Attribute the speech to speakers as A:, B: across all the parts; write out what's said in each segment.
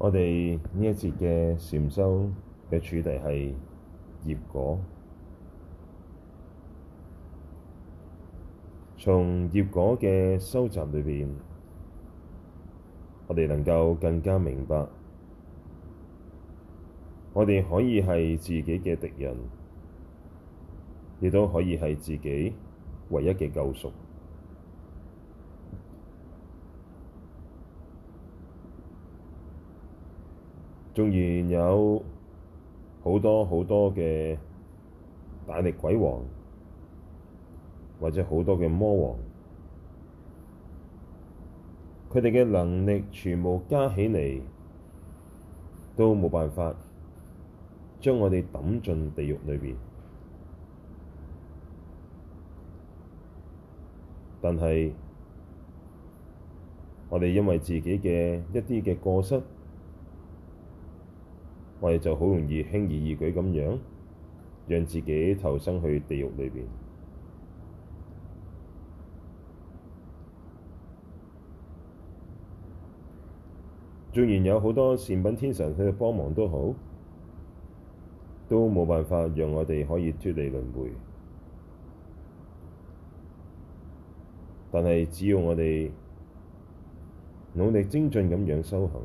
A: 我哋呢一節嘅禪修嘅主題係業果，從業果嘅收集裏邊，我哋能夠更加明白，我哋可以係自己嘅敵人，亦都可以係自己唯一嘅救贖。縱然有好多好多嘅大力鬼王，或者好多嘅魔王，佢哋嘅能力全部加起嚟都冇辦法將我哋抌進地獄裏邊。但係，我哋因為自己嘅一啲嘅過失。我哋就好容易輕而易舉咁樣，讓自己投生去地獄裏邊。縱然有好多善品天神去幫忙都好，都冇辦法讓我哋可以脱離輪迴。但係只要我哋努力精進咁樣修行。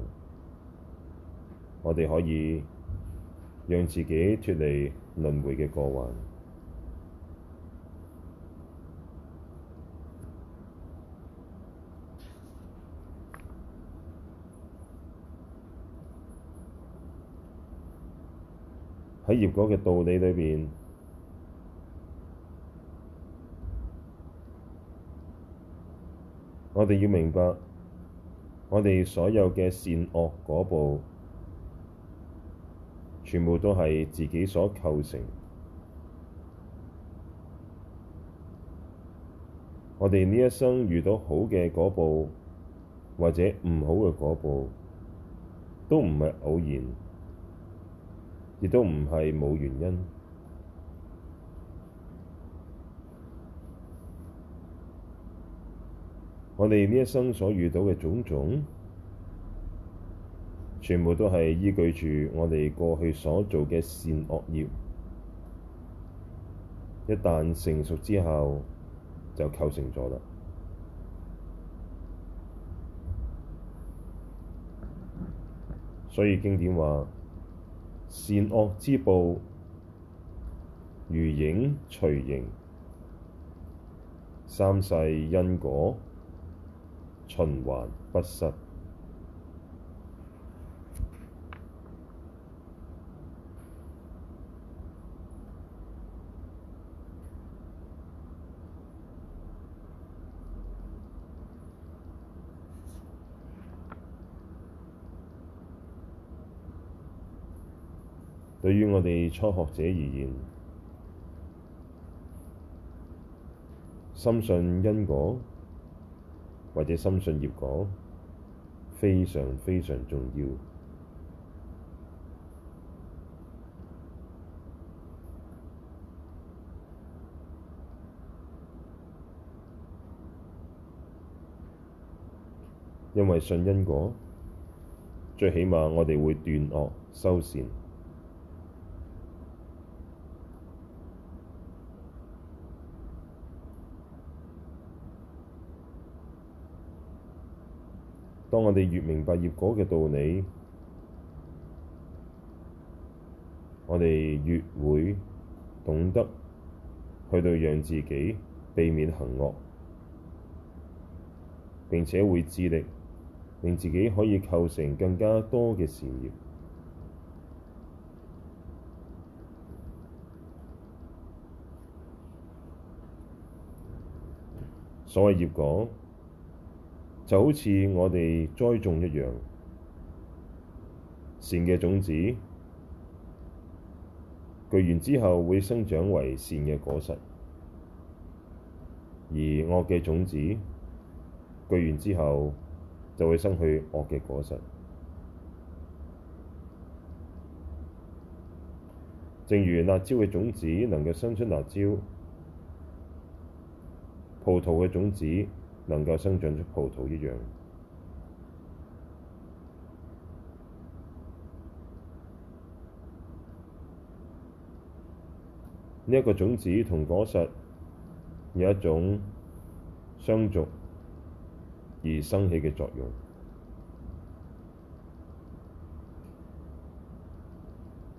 A: 我哋可以讓自己脱離輪迴嘅過患。喺業果嘅道理裏邊，我哋要明白，我哋所有嘅善惡果報。全部都係自己所構成。我哋呢一生遇到好嘅果報，或者唔好嘅果報，都唔係偶然，亦都唔係冇原因。我哋呢一生所遇到嘅種種。全部都係依據住我哋過去所做嘅善惡業，一旦成熟之後，就構成咗啦。所以經典話：「善惡之報，如影隨形；三世因果，循環不失。」對於我哋初學者而言，深信因果或者深信業果非常非常重要，因為信因果，最起碼我哋會斷惡修善。當我哋越明白業果嘅道理，我哋越會懂得去到讓自己避免行惡，並且會致力令自己可以構成更加多嘅善業。所謂業果。就好似我哋栽種一樣，善嘅種子，聚完之後會生長為善嘅果實；而惡嘅種子，聚完之後就會生去惡嘅果實。正如辣椒嘅種子能夠生出辣椒，葡萄嘅種子。能夠生長出葡萄一樣，呢一個種子同果實有一種相續而生起嘅作用，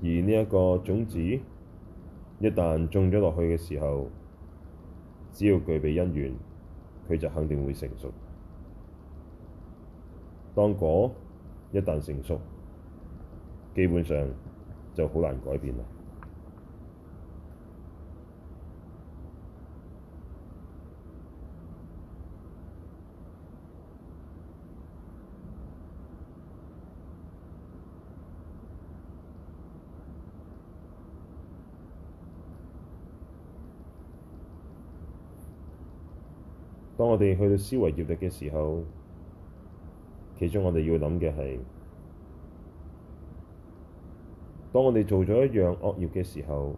A: 而呢一個種子一旦種咗落去嘅時候，只要具備因緣。佢就肯定會成熟。當果一旦成熟，基本上就好難改變啦。我哋去到思維業力嘅時候，其中我哋要諗嘅係：當我哋做咗一樣惡業嘅時候，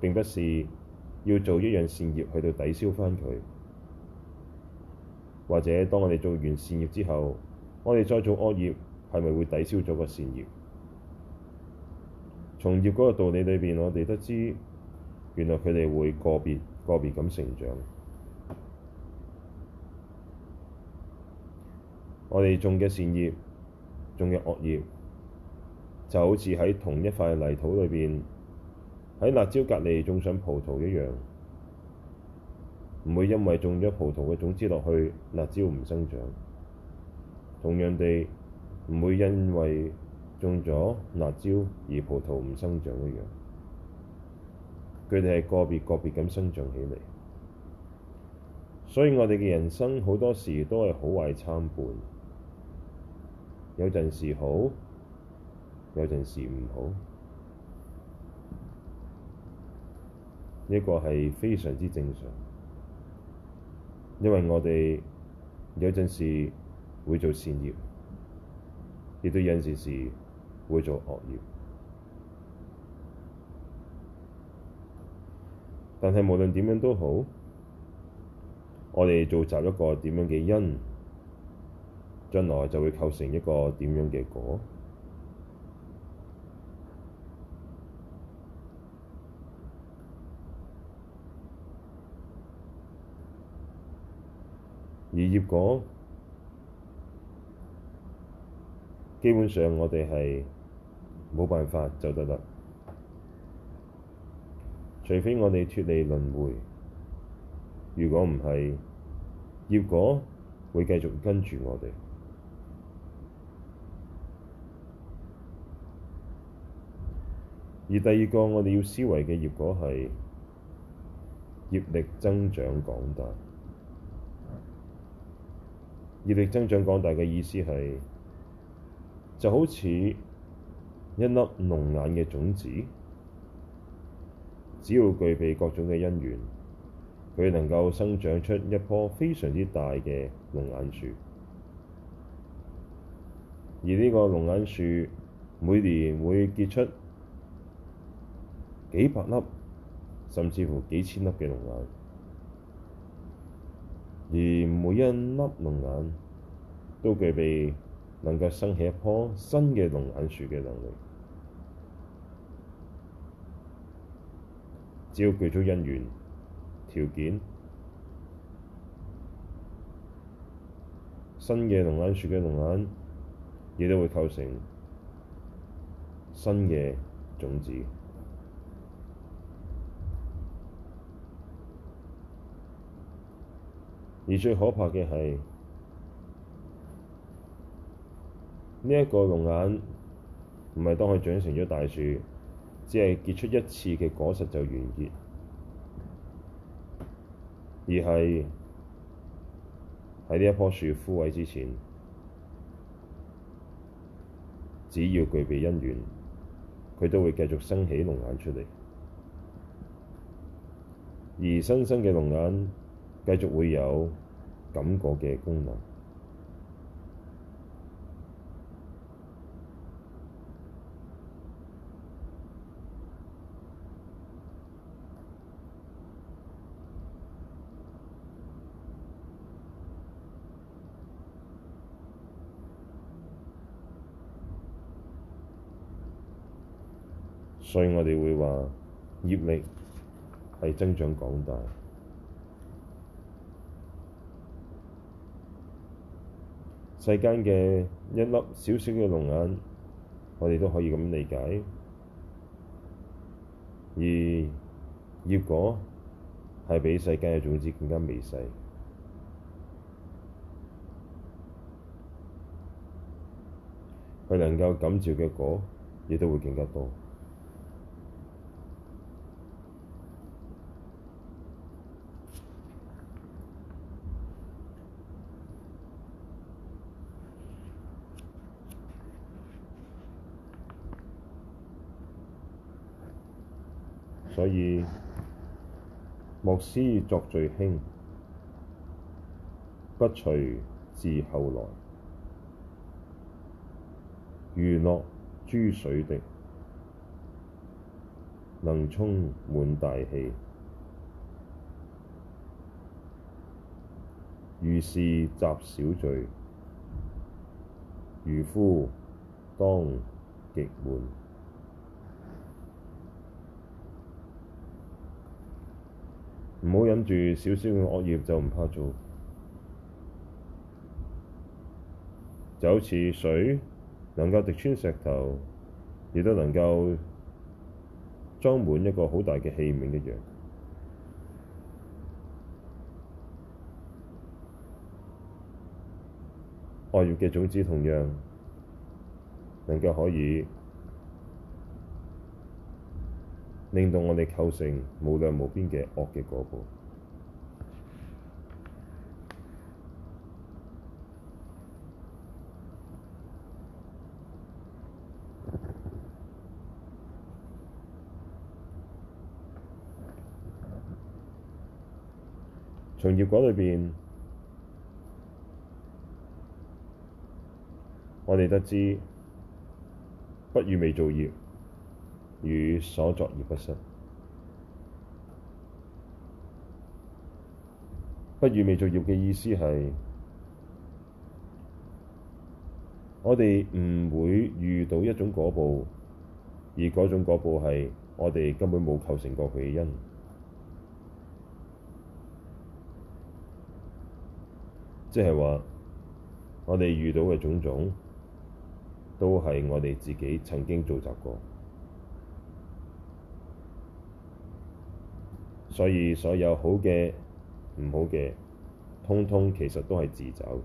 A: 並不是要做一樣善業去到抵消返佢，或者當我哋做完善業之後，我哋再做惡業係咪會抵消咗個善業？從業嗰個道理裏邊，我哋都知原來佢哋會個別個別咁成長。我哋種嘅善業，種嘅惡業，就好似喺同一塊泥土裏邊，喺辣椒隔籬種上葡萄一樣，唔會因為種咗葡萄嘅種子落去，辣椒唔生長；同樣地，唔會因為種咗辣椒而葡萄唔生長一樣。佢哋係個別個別咁生長起嚟，所以我哋嘅人生好多時都係好壞參半。有陣時好，有陣時唔好，呢個係非常之正常，因為我哋有陣時會做善業，亦都有陣時是會做惡業，但係無論點樣都好，我哋做集一個點樣嘅因，將來就會構成一個點樣嘅果？而業果基本上，我哋係冇辦法走得甩，除非我哋脫離輪迴。如果唔係，業果會繼續跟住我哋。而第二個，我哋要思維嘅業果係業力增長廣大。業力增長廣大嘅意思係就好似一粒龍眼嘅種子，只要具備各種嘅因緣，佢能夠生長出一棵非常之大嘅龍眼樹。而呢個龍眼樹每年會結出幾百粒，甚至乎幾千粒嘅龍眼，而每一粒龍眼都具備能夠生起一棵新嘅龍眼樹嘅能力。只要具足因緣條件，新嘅龍眼樹嘅龍眼亦都會構成新嘅種子。而最可怕嘅係，呢、這、一個龍眼唔係當佢長成咗大樹，只係結出一次嘅果實就完結，而係喺呢一棵樹枯萎之前，只要具備因緣，佢都會繼續生起龍眼出嚟，而新生嘅龍眼。繼續會有感覺嘅功能，所以我哋會話業力係增長廣大。世間嘅一粒小小嘅龍眼，我哋都可以咁理解。而業果係比世間嘅種子更加微細，佢能夠感召嘅果，亦都會更加多。所以莫思作罪輕，不隨自後來。如落諸水滴，能充滿大器；如是集小罪，愚夫當極滿。唔好忍住少少嘅惡業就唔怕做，就好似水能夠滴穿石頭，亦都能夠裝滿一個好大嘅器皿一樣。惡業嘅種子同樣能夠可以。令到我哋構成無量無邊嘅惡嘅果報。從業果裏邊，我哋得知不如未造業。於所作業不失，不遇未作業嘅意思係：我哋唔會遇到一種果報，而嗰種果報係我哋根本冇構成過佢嘅因，即係話我哋遇到嘅種種都係我哋自己曾經造作過。所以，所有好嘅、唔好嘅，通通其實都係自走。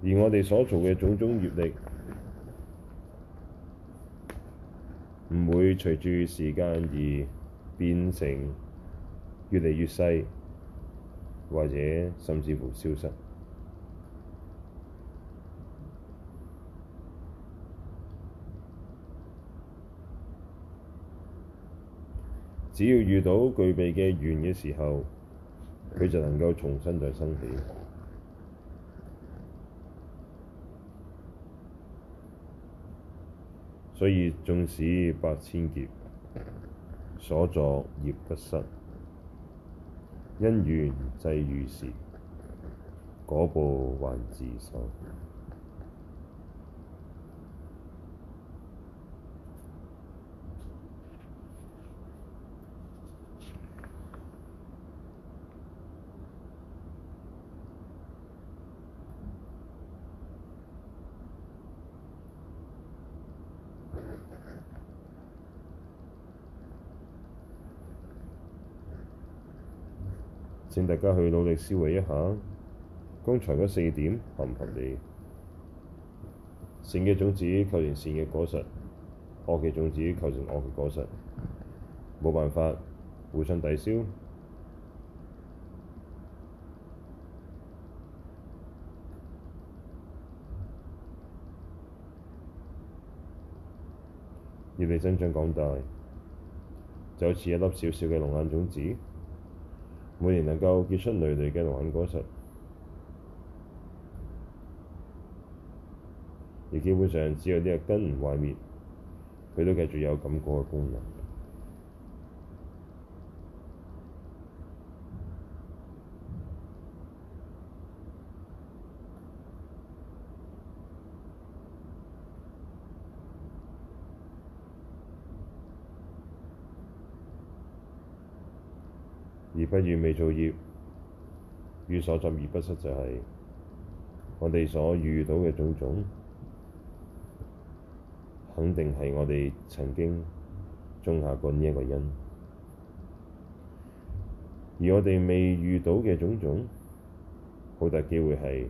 A: 而我哋所做嘅種種業力唔會隨住時間而變成越嚟越細，或者甚至乎消失。只要遇到具備嘅緣嘅時候，佢就能夠重新再生起。所以縱使百千劫，所作業不失，因緣際遇時，果報還自受。請大家去努力思維一下，剛才嗰四點合唔合理？善嘅種子構成善嘅果實，惡嘅種子構成惡嘅果實。冇辦法互相抵消，業力增長廣大，就好似一粒小小嘅龍眼種子。每年能夠結出累累嘅蘋果實，而基本上只要啲嘅根唔毀滅，佢都繼續有咁嘅功能。不遇未造業，於所作而不失，就是，就係我哋所遇到嘅種種，肯定係我哋曾經種下過呢一個因。而我哋未遇到嘅種種，好大機會係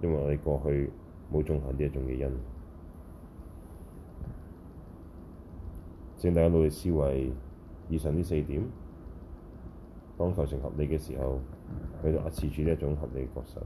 A: 因為我哋過去冇種下呢一種嘅因。請大家努力思維以上呢四點。當構成合理嘅時候，佢就維持住呢一種合理嘅角色。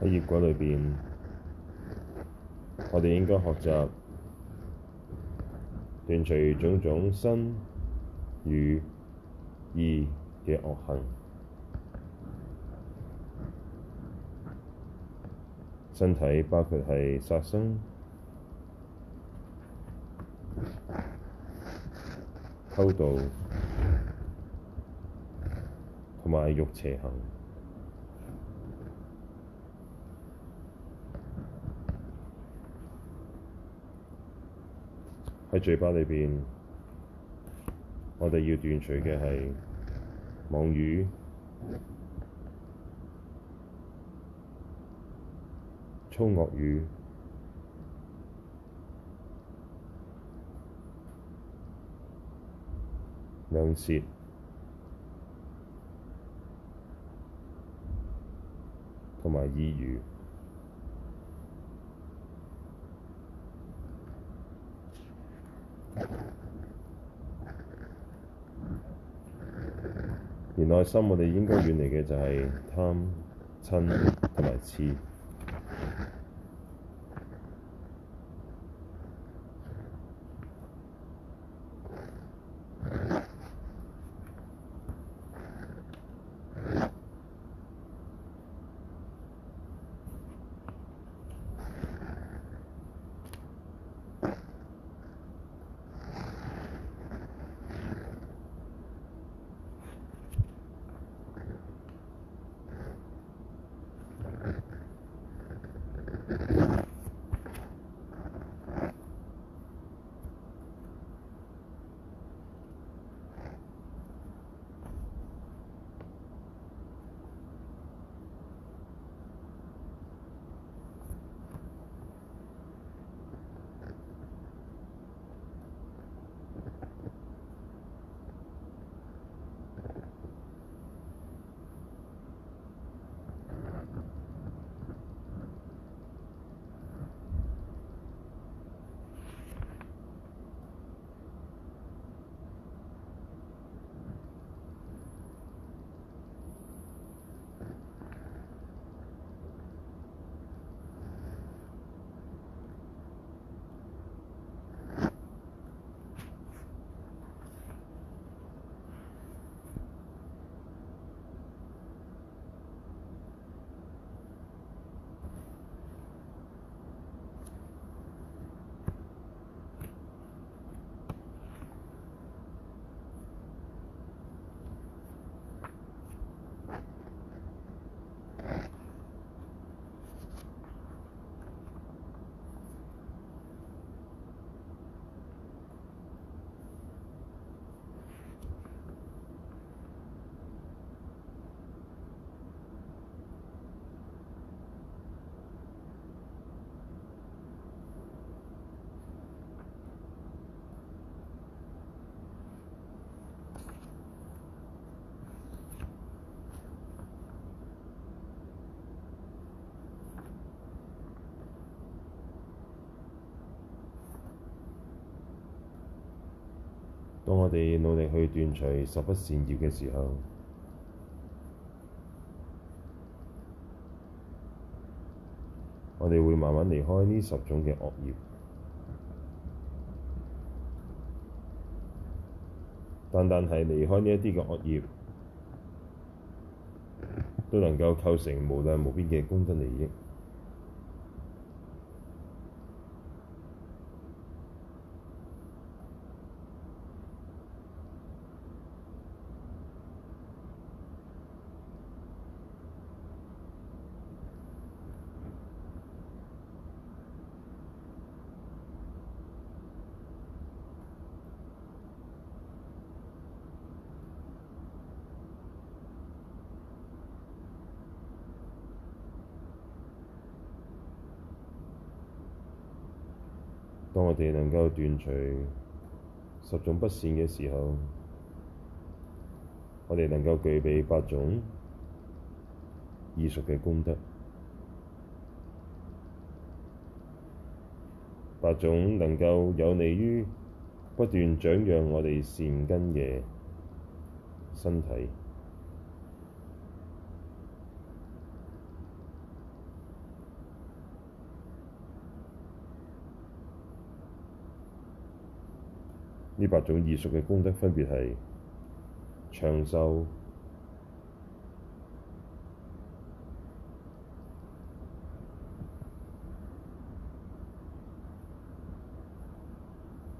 A: 喺業果裏邊，我哋應該學習斷除種種身、語、意嘅惡行，身體包括係殺生。偷渡，同埋欲邪行。喺嘴巴裏邊，我哋要斷取嘅係妄語、粗惡語。兩舌，同埋綺語。而內心，我哋應該遠離嘅就係貪、嗔同埋痴。當我哋努力去斷除十不善業嘅時候，我哋會慢慢離開呢十種嘅惡業。單單係離開呢一啲嘅惡業，都能夠構成無量無邊嘅功德利益。能夠斷除十種不善嘅時候，我哋能夠具備八種異熟嘅功德，八種能夠有利於不斷長養我哋善根嘅身體。呢八種異熟嘅功德分別係長壽、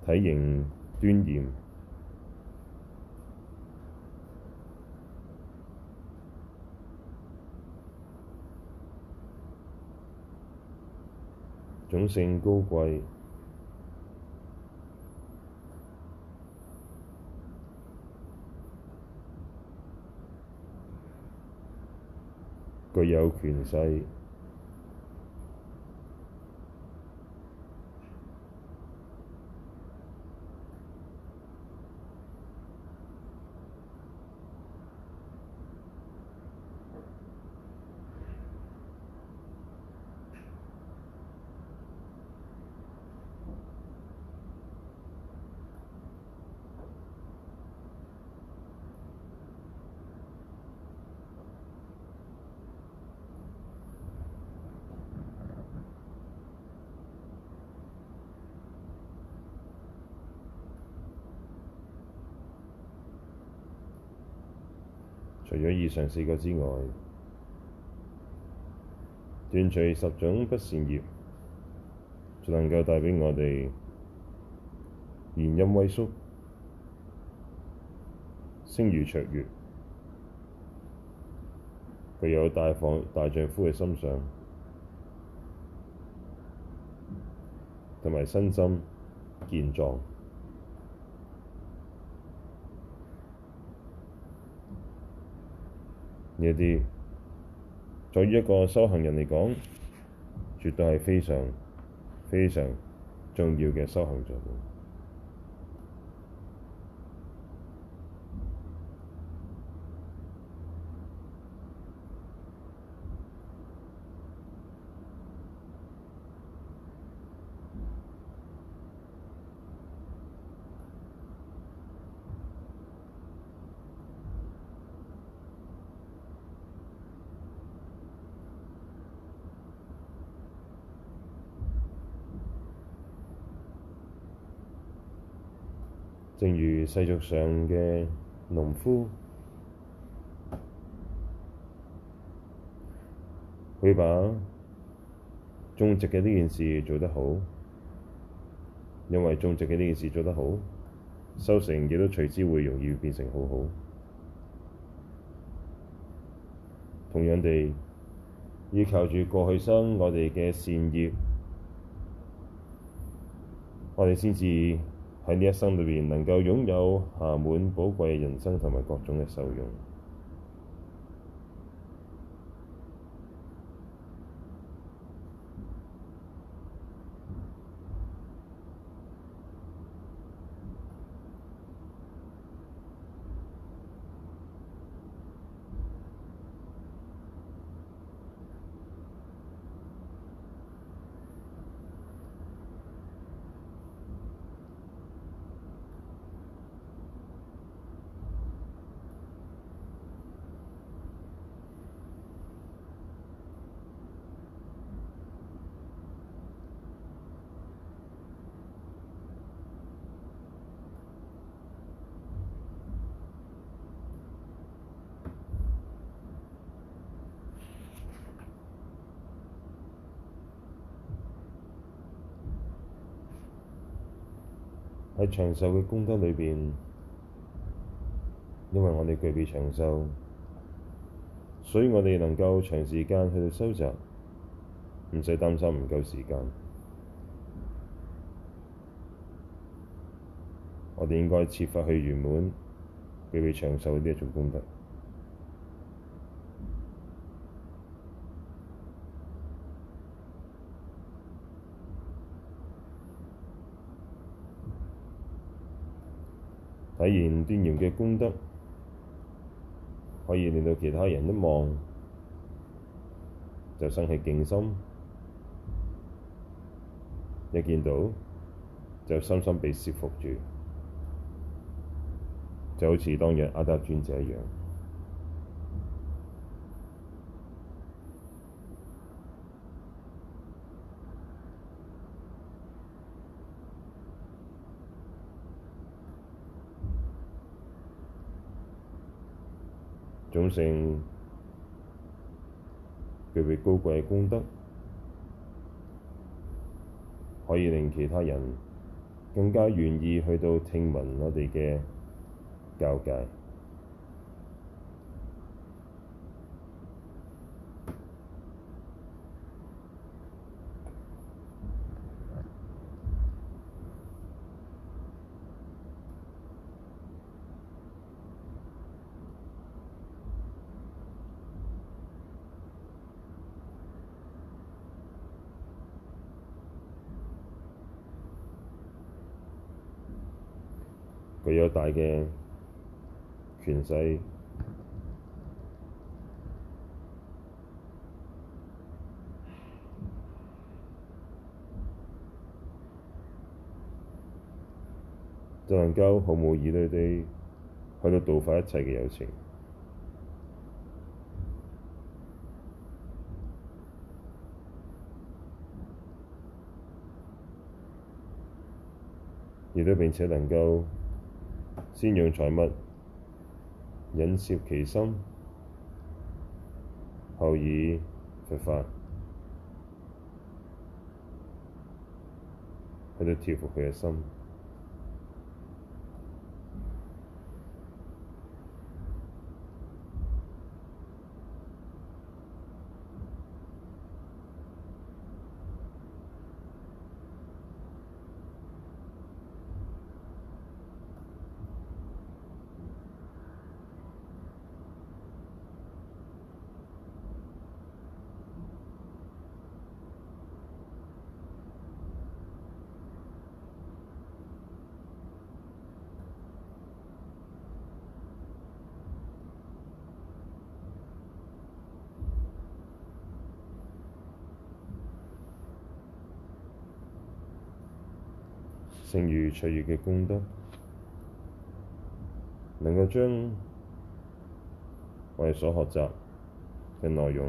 A: 體型端嚴、種姓高貴。具有權勢。以上四個之外，斷除十種不善業，就能夠帶畀我哋言音威宿、聲如雀躍，具有大放大丈夫嘅心相，同埋身心健壯。呢啲，對於一個修行人嚟講，絕對係非常非常重要嘅修行組。世俗上嘅農夫，佢把種植嘅呢件事做得好，因為種植嘅呢件事做得好，收成亦都隨之會容易變成好好。同樣地，依靠住過去生我哋嘅善業，我哋先至。喺呢一生裏邊，能夠擁有暇滿寶貴人生同埋各種嘅受用。喺長壽嘅功德裏邊，因為我哋具備長壽，所以我哋能夠長時間去到收集，唔使擔心唔夠時間。我哋應該設法去圓滿具備長壽呢一種功德。睇完端嚴嘅功德，可以令到其他人一望就生起敬心，一見到就深深被攝服住，就好似當日阿達尊者一樣。種姓，具備高貴嘅功德，可以令其他人更加願意去到聽聞我哋嘅教戒。嘅權勢， 就能夠毫無疑慮地去到度化一切嘅有情，亦 都並且能夠。先養財物引涉其心，後以佛法喺度調伏佢嘅心。正如卓越嘅功德，能夠將我哋所學習嘅內容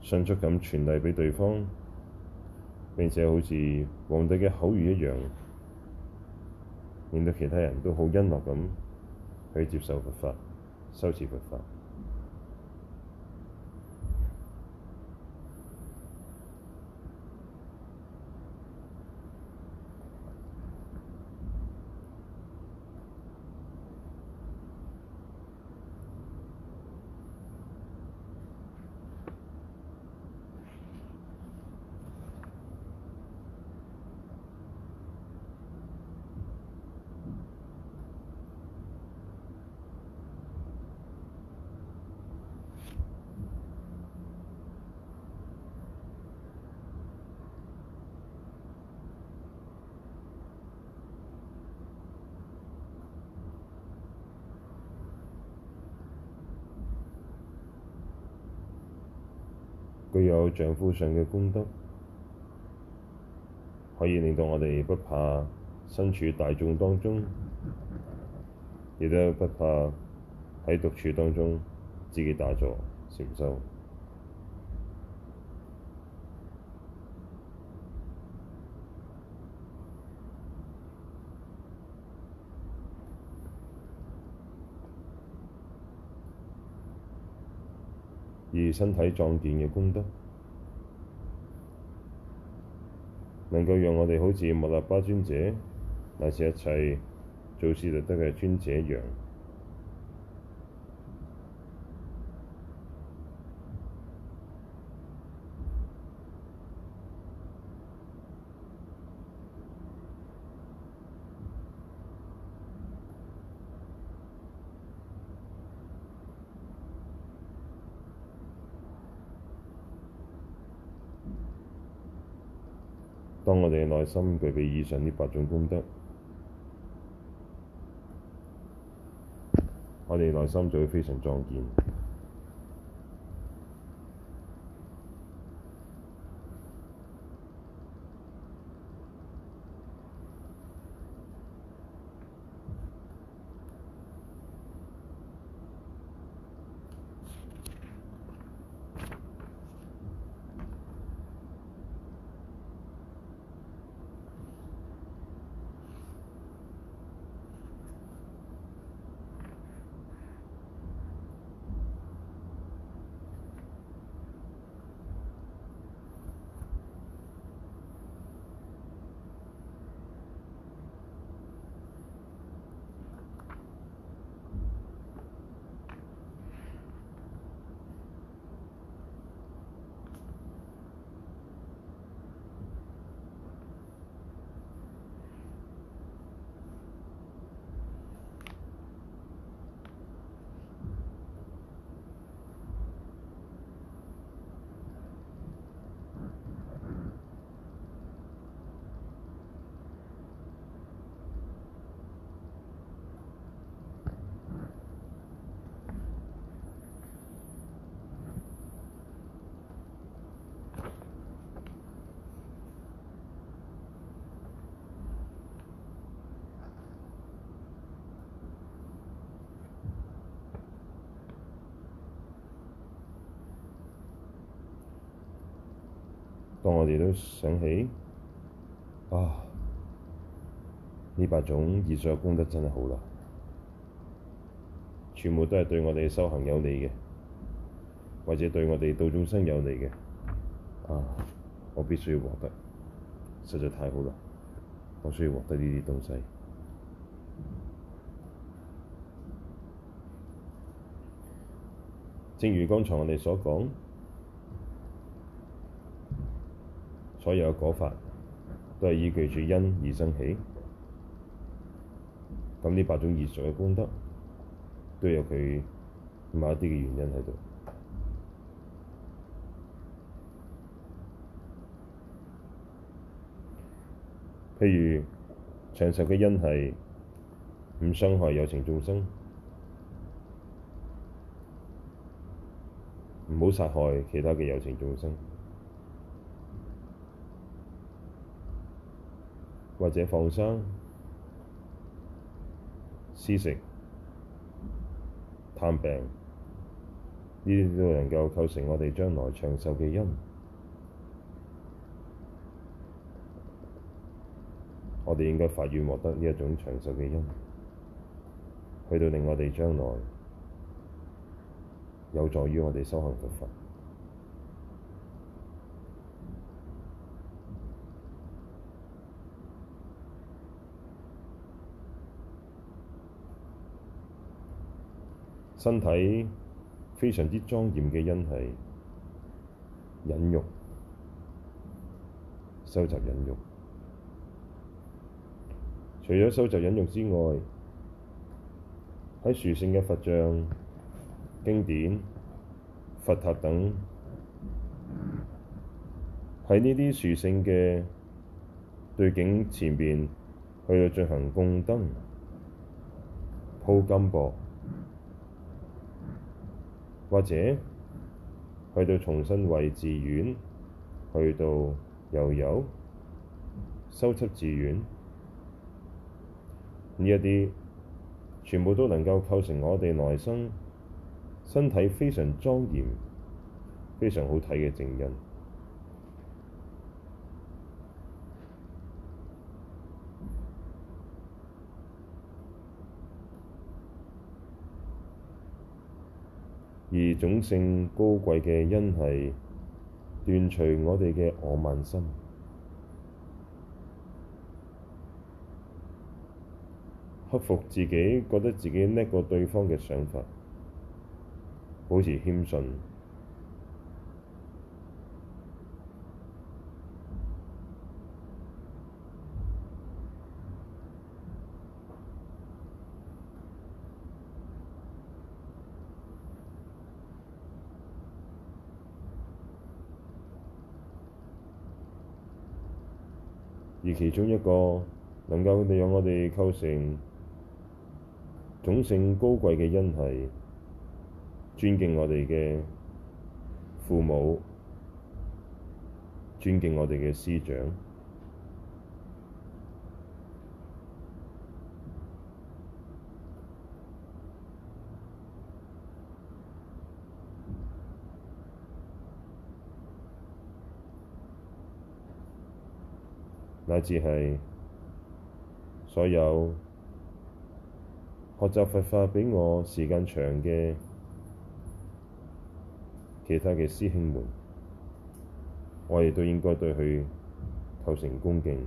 A: 迅速咁傳遞畀對方，並且好似皇帝嘅口語一樣，令到其他人都好欣樂咁去接受佛法、修持佛法。丈夫上嘅功德，可以令到我哋不怕身處大眾當中，亦都不怕喺獨處當中自己打坐禪修，而身體壯健嘅功德。能夠讓我哋好似麥納巴尊者，乃至一切做事得嘅尊者一樣。我哋內心具備以上呢八種功德，我哋內心就會非常壯健。當我哋都想起啊，呢八種異熟功德真係好啦，全部都係對我哋修行有利嘅，或者對我哋度眾生有利嘅啊，我必須要獲得，實在太好啦！我需要獲得呢啲東西，正如剛才我哋所講。所有嘅果法都係依據住因而生起，咁呢八種異熟嘅功德都有佢某一啲嘅原因喺度。譬如長壽嘅因係唔傷害有情眾生，唔好殺害其他嘅有情眾生。或者放生、施食、探病，呢啲都能夠構成我哋將來長壽嘅因。我哋應該發願獲得呢一種長壽嘅因，去到令我哋將來有助於我哋修行學佛。身體非常之莊嚴嘅因係忍辱，收集忍辱，除咗收集忍辱之外，喺殊勝嘅佛像經典、佛塔等，喺呢啲殊勝嘅對境前邊，佢去進行供燈、鋪金箔。或者去到重新維寺院，去到又有修葺寺院，呢一啲全部都能夠構成我哋內心身體非常莊嚴、非常好睇嘅正因。而種性高貴嘅因係斷除我哋嘅我慢心，克服自己覺得自己叻過對方嘅想法，保持謙遜。而其中一個能夠令我哋構成種姓高貴嘅因，係尊敬我哋嘅父母，尊敬我哋嘅師長。乃至係所有學習佛法比我時間長嘅其他嘅師兄們，我亦都應該對佢構成恭敬。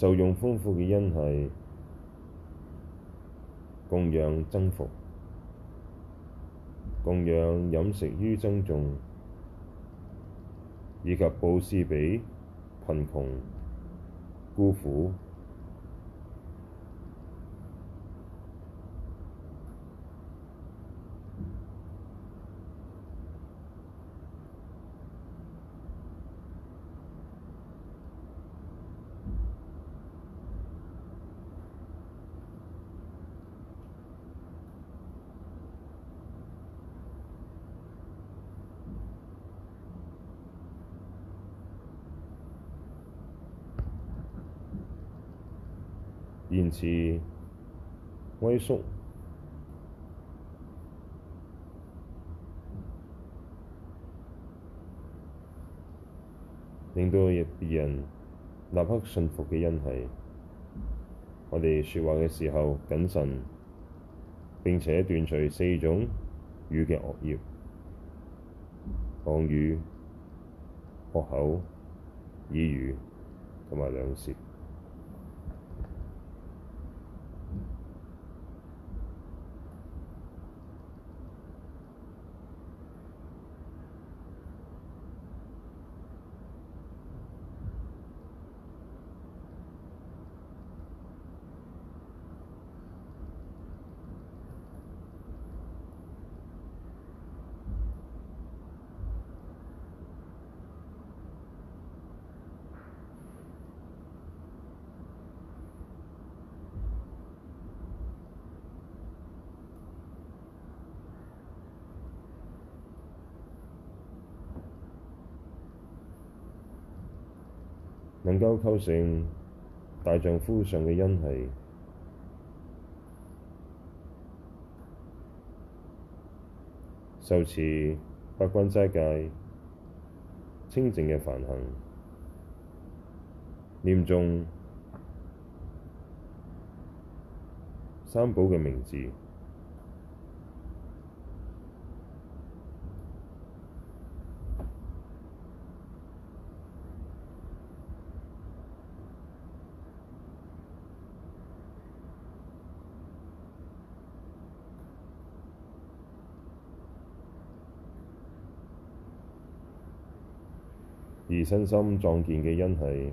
A: 受用豐富嘅恩惠供養僧服，供養飲食於僧眾，以及布施俾貧窮孤苦。言辭威宿，令到日別人立刻信服嘅因係，我哋説話嘅時候謹慎，並且斷除四種語嘅惡業：妄語、惡口、綺語同埋兩舌。構成大丈夫上嘅恩氣，受持八關齋戒、清淨嘅梵行、念誦三寶嘅名字。而身心壯健嘅因係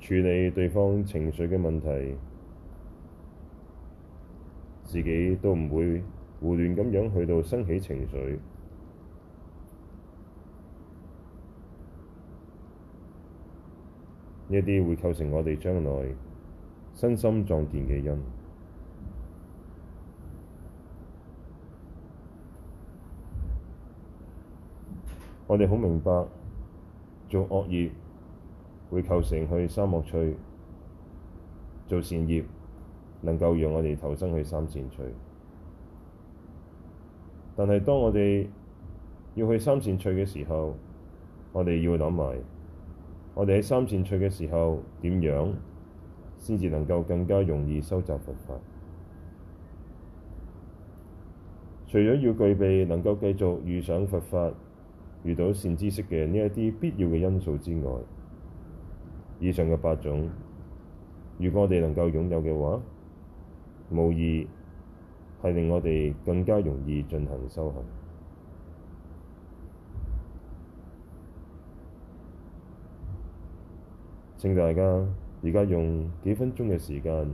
A: 處理對方情緒嘅問題，自己都唔會胡亂咁樣去到生起情緒，呢啲會構成我哋將來身心壯健嘅因。我哋好明白做惡業會構成去三惡趣，做善業能夠讓我哋投身去三善趣。但係當我哋要去三善趣嘅時候，我哋要諗埋我哋喺三善趣嘅時候點樣先至能夠更加容易收集佛法。除咗要具備能夠繼續遇上佛法。遇到善知識嘅呢一啲必要嘅因素之外，以上嘅八種，如果我哋能夠擁有嘅話，無疑係令我哋更加容易進行修行。請大家而家用幾分鐘嘅時間，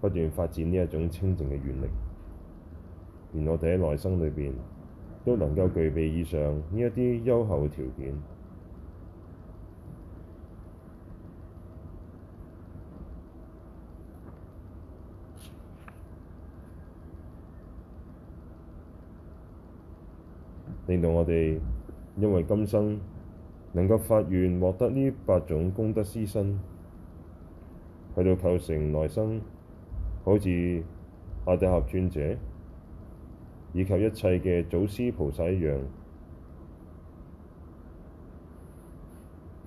A: 不斷發展呢一種清淨嘅願力，令我哋喺內心裏邊。都能夠具備以上呢一啲優厚條件， 令到我哋因為今生能夠發願獲得呢八種功德資身，去到構成來生，好似阿底峽尊者。以及一切嘅祖師菩薩一樣，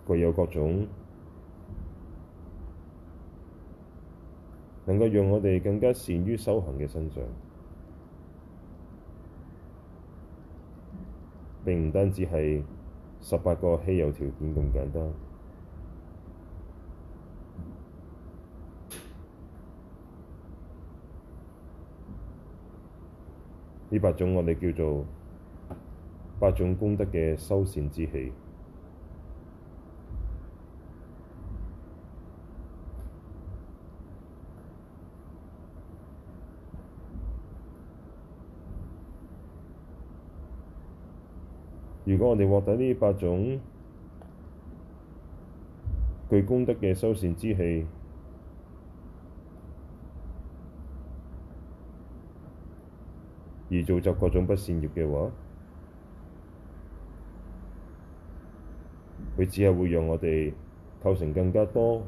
A: 具有各種能夠讓我哋更加善於修行嘅身上，並唔單止係十八個稀有條件咁簡單。呢八種我哋叫做八種功德嘅修善之器。如果我哋獲得呢八種具功德嘅修善之器，而造作各種不善業嘅話，佢只係會讓我哋構成更加多、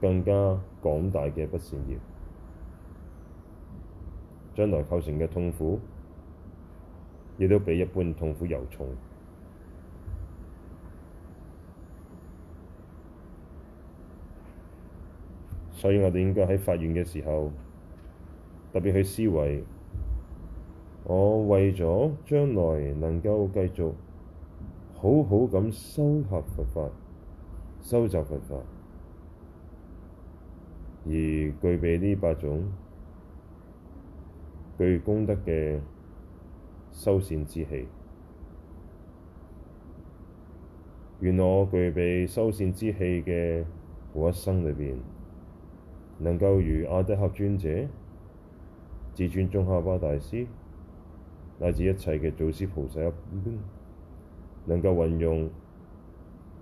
A: 更加廣大嘅不善業。將來構成嘅痛苦，亦都比一般痛苦尤重。所以我哋應該喺發願嘅時候，特別去思維。我為咗將來能夠繼續好好咁修學佛法、修習佛法，而具備呢八種具功德嘅修善之氣，願我具備修善之氣嘅嗰一生裏邊，能夠如阿底峽尊者、至尊宗喀巴大師。乃至一切嘅祖師菩薩，能夠運用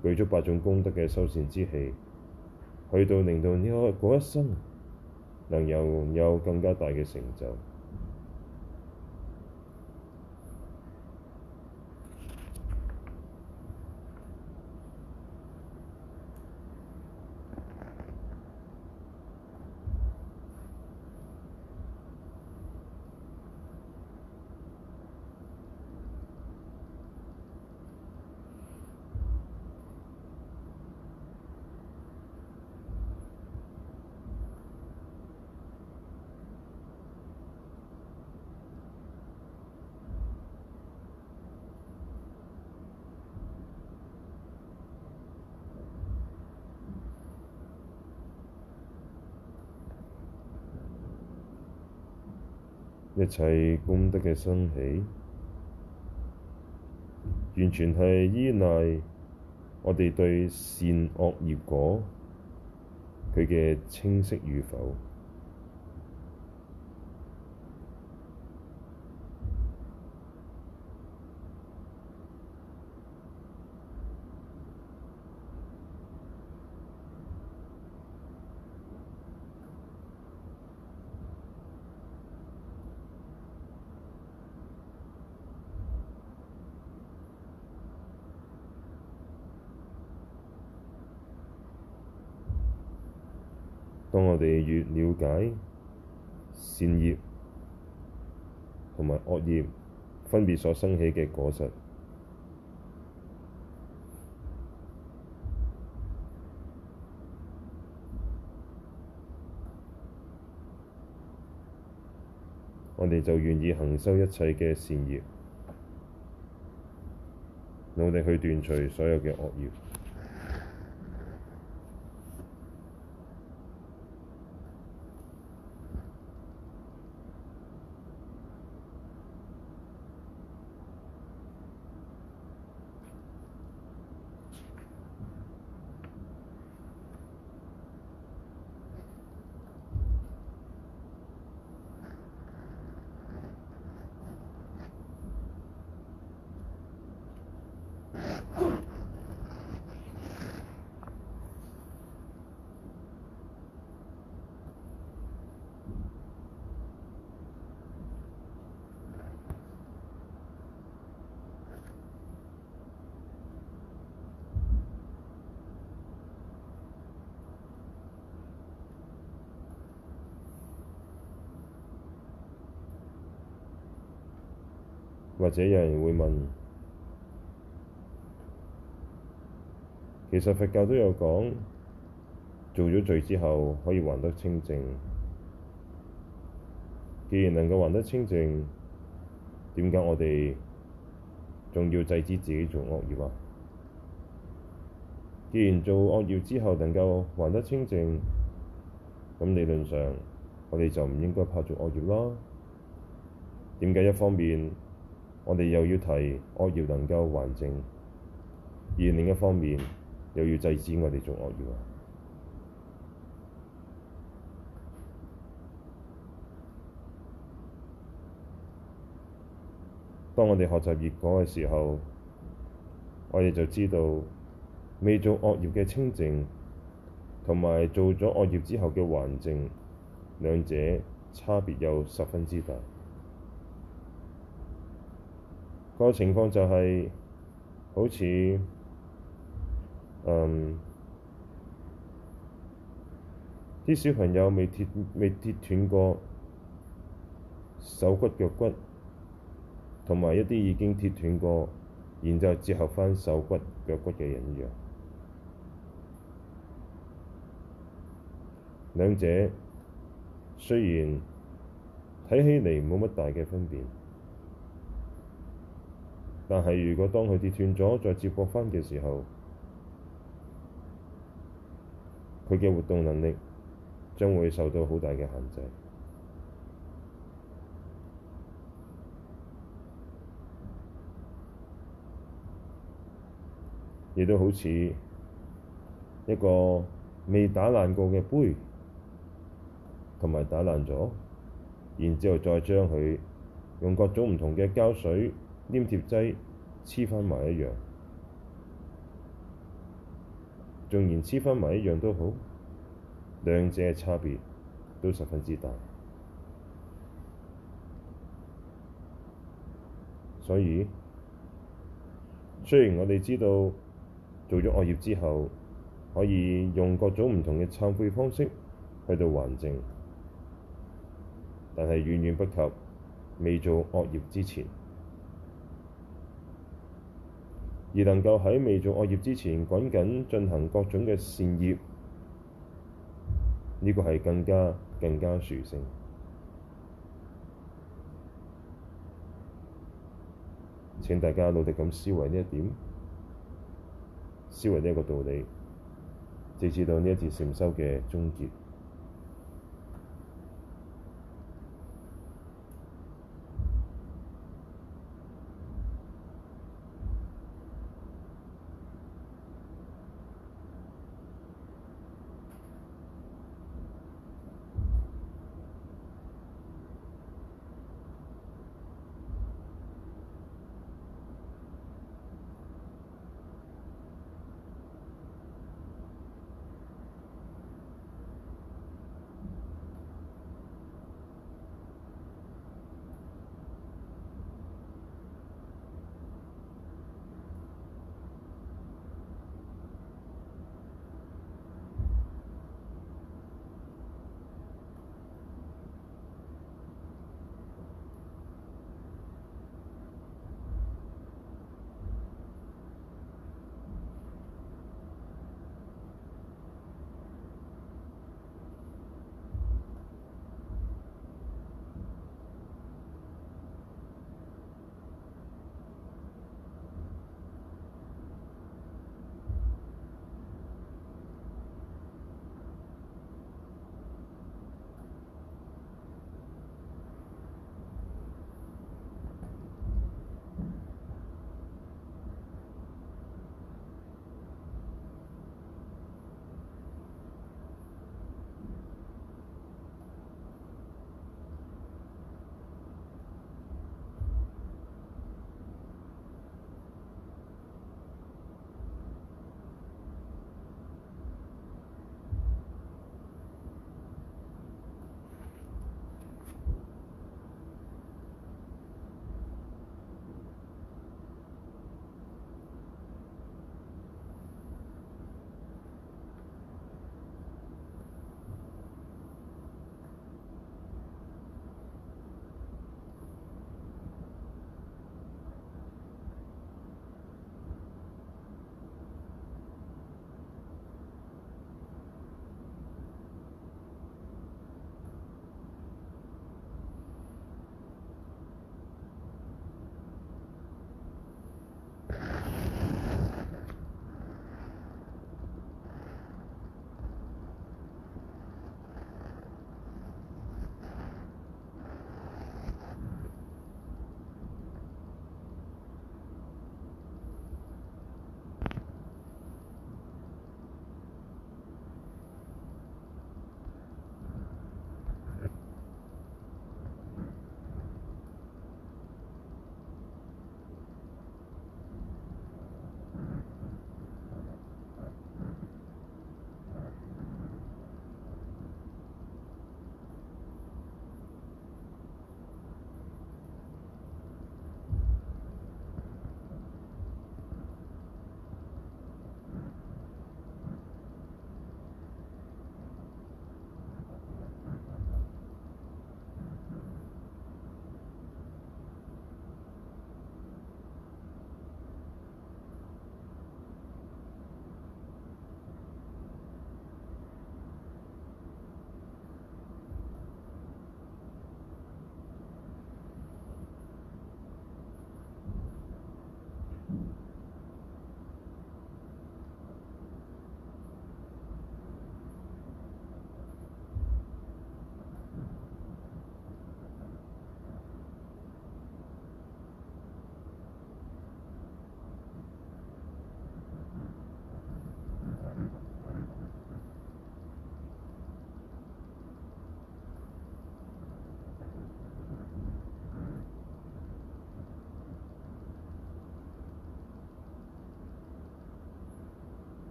A: 具足八種功德嘅修善之氣，去到令到呢一個一生能又有，有更加大嘅成就。一切功德嘅生起，完全係依賴我哋對善惡業果，佢嘅清晰與否。我哋越了解善業同埋惡業分別所生起嘅果實，我哋就願意行修一切嘅善業，努力去斷除所有嘅惡業。或者有人會問，其實佛教都有講，做咗罪之後可以還得清淨。既然能夠還得清淨，點解我哋仲要制止自己做惡業啊？既然做惡業之後能夠還得清淨，咁理論上我哋就唔應該怕做惡業啦。點解一方面？我哋又要提惡業能夠還淨，而另一方面又要制止我哋做惡業。當我哋學習業果嘅時候，我哋就知道未做惡業嘅清淨，同埋做咗惡業之後嘅還淨，兩者差別有十分之大。個情況就係、是，好似，啲、嗯、小朋友未未跌斷過手骨腳骨，同埋一啲已經跌斷過，然後接合返手骨腳骨嘅人一樣，兩者雖然睇起嚟冇乜大嘅分別。但係，如果當佢跌斷咗，再接駁返嘅時候，佢嘅活動能力將會受到好大嘅限制，亦都好似一個未打爛過嘅杯，同埋打爛咗，然之後再將佢用各種唔同嘅膠水。黏貼劑黐返埋一樣，縱然黐返埋一樣都好，兩者嘅差別都十分之大。所以雖然我哋知道做咗惡業之後可以用各種唔同嘅懺悔方式去到還淨，但係遠遠不及未做惡業之前。而能夠喺未做惡業之前，趕緊進行各種嘅善業，呢、這個係更加更加殊勝。請大家努力咁思維呢一點，思維呢一個道理，直至到呢一節禪修嘅終結。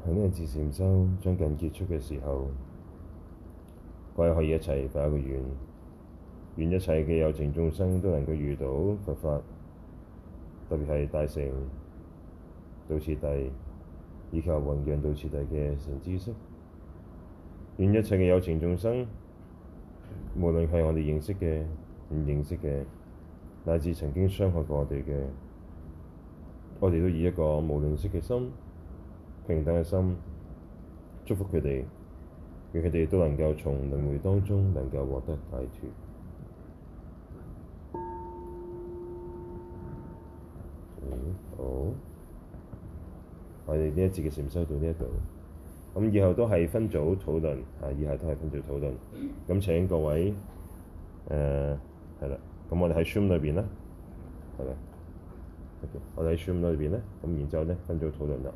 A: 等呢個自禪修將近結束嘅時候，各位可以一齊發一個願，願一切嘅有情眾生都能夠遇到佛法，特別係大乘道次第，以及雲養道次第嘅成知識。願一切嘅有情眾生，無論係我哋認識嘅、唔認識嘅，乃至曾經傷害過我哋嘅，我哋都以一個無怨釋嘅心，平等嘅心，祝福佢哋，願佢哋亦都能夠從輪迴當中能夠獲得解脫，嗯。好。我哋呢一節嘅禪修到呢一度，咁以後都係分組討論，嚇、啊，以後都係分組討論。咁請各位誒係啦，咁、呃、我哋喺 Zoom 裏邊啦，係咪？O.K. 我哋喺 Zoom 裏邊咧，咁然之後咧分組討論啦。